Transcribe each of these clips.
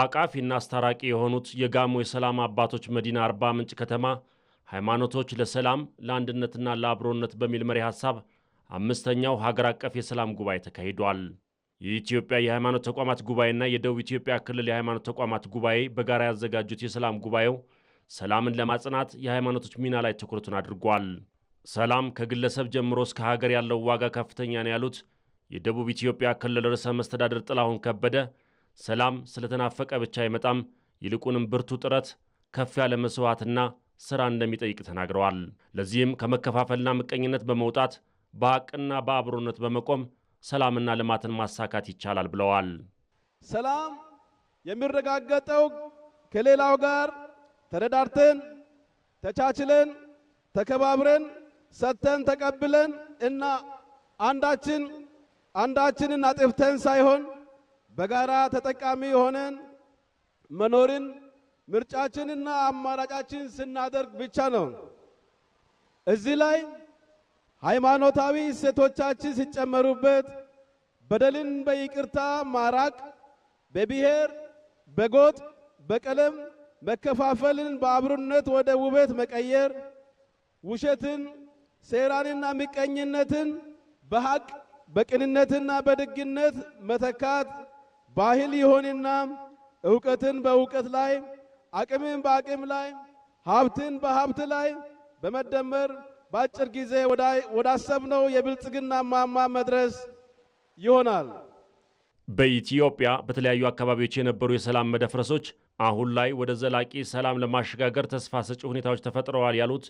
አቃፊና አስታራቂ የሆኑት የጋሞ የሰላም አባቶች መዲና አርባ ምንጭ ከተማ ሃይማኖቶች ለሰላም ለአንድነትና ለአብሮነት በሚል መሪ ሐሳብ አምስተኛው ሀገር አቀፍ የሰላም ጉባኤ ተካሂዷል። የኢትዮጵያ የሃይማኖት ተቋማት ጉባኤና የደቡብ ኢትዮጵያ ክልል የሃይማኖት ተቋማት ጉባኤ በጋራ ያዘጋጁት የሰላም ጉባኤው ሰላምን ለማጽናት የሃይማኖቶች ሚና ላይ ትኩረቱን አድርጓል። ሰላም ከግለሰብ ጀምሮ እስከ ሀገር ያለው ዋጋ ከፍተኛ ነው ያሉት የደቡብ ኢትዮጵያ ክልል ርዕሰ መስተዳደር ጥላሁን ከበደ ሰላም ስለተናፈቀ ብቻ አይመጣም። ይልቁንም ብርቱ ጥረት፣ ከፍ ያለ መስዋዕትና ሥራ እንደሚጠይቅ ተናግረዋል። ለዚህም ከመከፋፈልና ምቀኝነት በመውጣት በአቅና በአብሮነት በመቆም ሰላምና ልማትን ማሳካት ይቻላል ብለዋል። ሰላም የሚረጋገጠው ከሌላው ጋር ተረዳርተን፣ ተቻችለን፣ ተከባብረን፣ ሰጥተን ተቀብለን እና አንዳችን አንዳችንን አጥፍተን ሳይሆን በጋራ ተጠቃሚ የሆነን መኖርን ምርጫችንና አማራጫችን ስናደርግ ብቻ ነው። እዚህ ላይ ሃይማኖታዊ እሴቶቻችን ሲጨመሩበት በደልን በይቅርታ ማራቅ፣ በብሔር በጎጥ በቀለም መከፋፈልን በአብሮነት ወደ ውበት መቀየር፣ ውሸትን ሴራንና ምቀኝነትን በሀቅ በቅንነትና በደግነት መተካት ባህል ይሆንና እውቀትን በእውቀት ላይ፣ አቅምን በአቅም ላይ፣ ሀብትን በሀብት ላይ በመደመር በአጭር ጊዜ ወዳሰብነው የብልጽግና ማማ መድረስ ይሆናል። በኢትዮጵያ በተለያዩ አካባቢዎች የነበሩ የሰላም መደፍረሶች አሁን ላይ ወደ ዘላቂ ሰላም ለማሸጋገር ተስፋ ሰጪ ሁኔታዎች ተፈጥረዋል ያሉት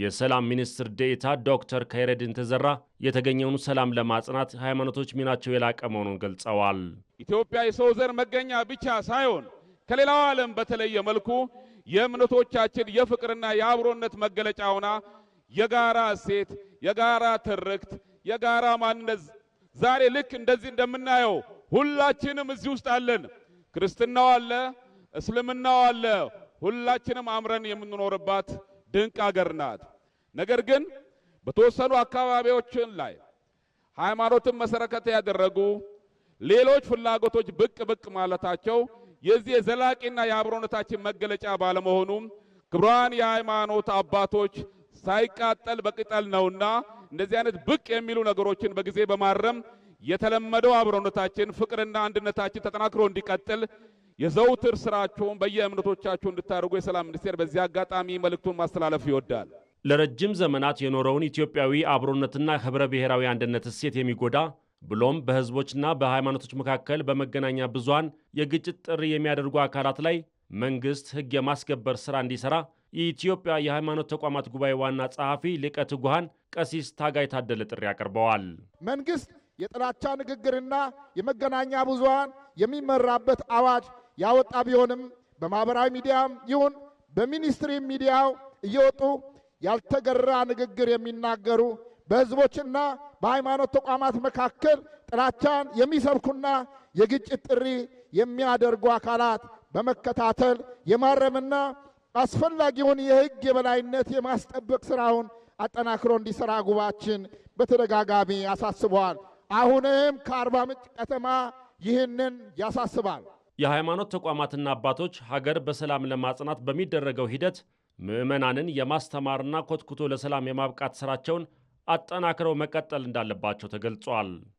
የሰላም ሚኒስትር ዴኤታ ዶክተር ከይረዲን ተዘራ የተገኘውን ሰላም ለማጽናት ሃይማኖቶች ሚናቸው የላቀ መሆኑን ገልጸዋል። ኢትዮጵያ የሰው ዘር መገኛ ብቻ ሳይሆን ከሌላው ዓለም በተለየ መልኩ የእምነቶቻችን የፍቅርና የአብሮነት መገለጫ ሆና የጋራ እሴት፣ የጋራ ትርክት፣ የጋራ ማንነት ዛሬ ልክ እንደዚህ እንደምናየው ሁላችንም እዚህ ውስጥ አለን። ክርስትናው አለ፣ እስልምናው አለ። ሁላችንም አምረን የምንኖርባት ድንቅ አገር ናት። ነገር ግን በተወሰኑ አካባቢዎችን ላይ ሃይማኖትን መሰረከት ያደረጉ ሌሎች ፍላጎቶች ብቅ ብቅ ማለታቸው የዚህ የዘላቂና የአብሮነታችን መገለጫ ባለመሆኑም ክብሯን የሃይማኖት አባቶች ሳይቃጠል በቅጠል ነውና እንደዚህ አይነት ብቅ የሚሉ ነገሮችን በጊዜ በማረም የተለመደው አብሮነታችን ፍቅርና አንድነታችን ተጠናክሮ እንዲቀጥል የዘውትር ስራቸውን በየእምነቶቻቸው እንድታደርጉ የሰላም ሚኒስቴር በዚህ አጋጣሚ መልእክቱን ማስተላለፍ ይወዳል። ለረጅም ዘመናት የኖረውን ኢትዮጵያዊ አብሮነትና ህብረ ብሔራዊ አንድነት እሴት የሚጎዳ ብሎም በህዝቦችና በሃይማኖቶች መካከል በመገናኛ ብዙሃን የግጭት ጥሪ የሚያደርጉ አካላት ላይ መንግስት ህግ የማስከበር ስራ እንዲሰራ የኢትዮጵያ የሃይማኖት ተቋማት ጉባኤ ዋና ጸሐፊ ሊቀ ትጉሃን ቀሲስ ታጋይ ታደለ ጥሪ አቅርበዋል። መንግስት የጥላቻ ንግግርና የመገናኛ ብዙሃን የሚመራበት አዋጅ ያወጣ ቢሆንም በማህበራዊ ሚዲያም ይሁን በሚኒስትሪ ሚዲያው እየወጡ ያልተገራ ንግግር የሚናገሩ በህዝቦችና በሃይማኖት ተቋማት መካከል ጥላቻን የሚሰብኩና የግጭት ጥሪ የሚያደርጉ አካላት በመከታተል የማረምና አስፈላጊውን የህግ የበላይነት የማስጠበቅ ስራውን አጠናክሮ እንዲሰራ ጉባችን በተደጋጋሚ አሳስበዋል። አሁንም ከአርባ ምንጭ ከተማ ይህንን ያሳስባል። የሃይማኖት ተቋማትና አባቶች ሀገር በሰላም ለማጽናት በሚደረገው ሂደት ምዕመናንን የማስተማርና ኮትኩቶ ለሰላም የማብቃት ስራቸውን አጠናክረው መቀጠል እንዳለባቸው ተገልጿል።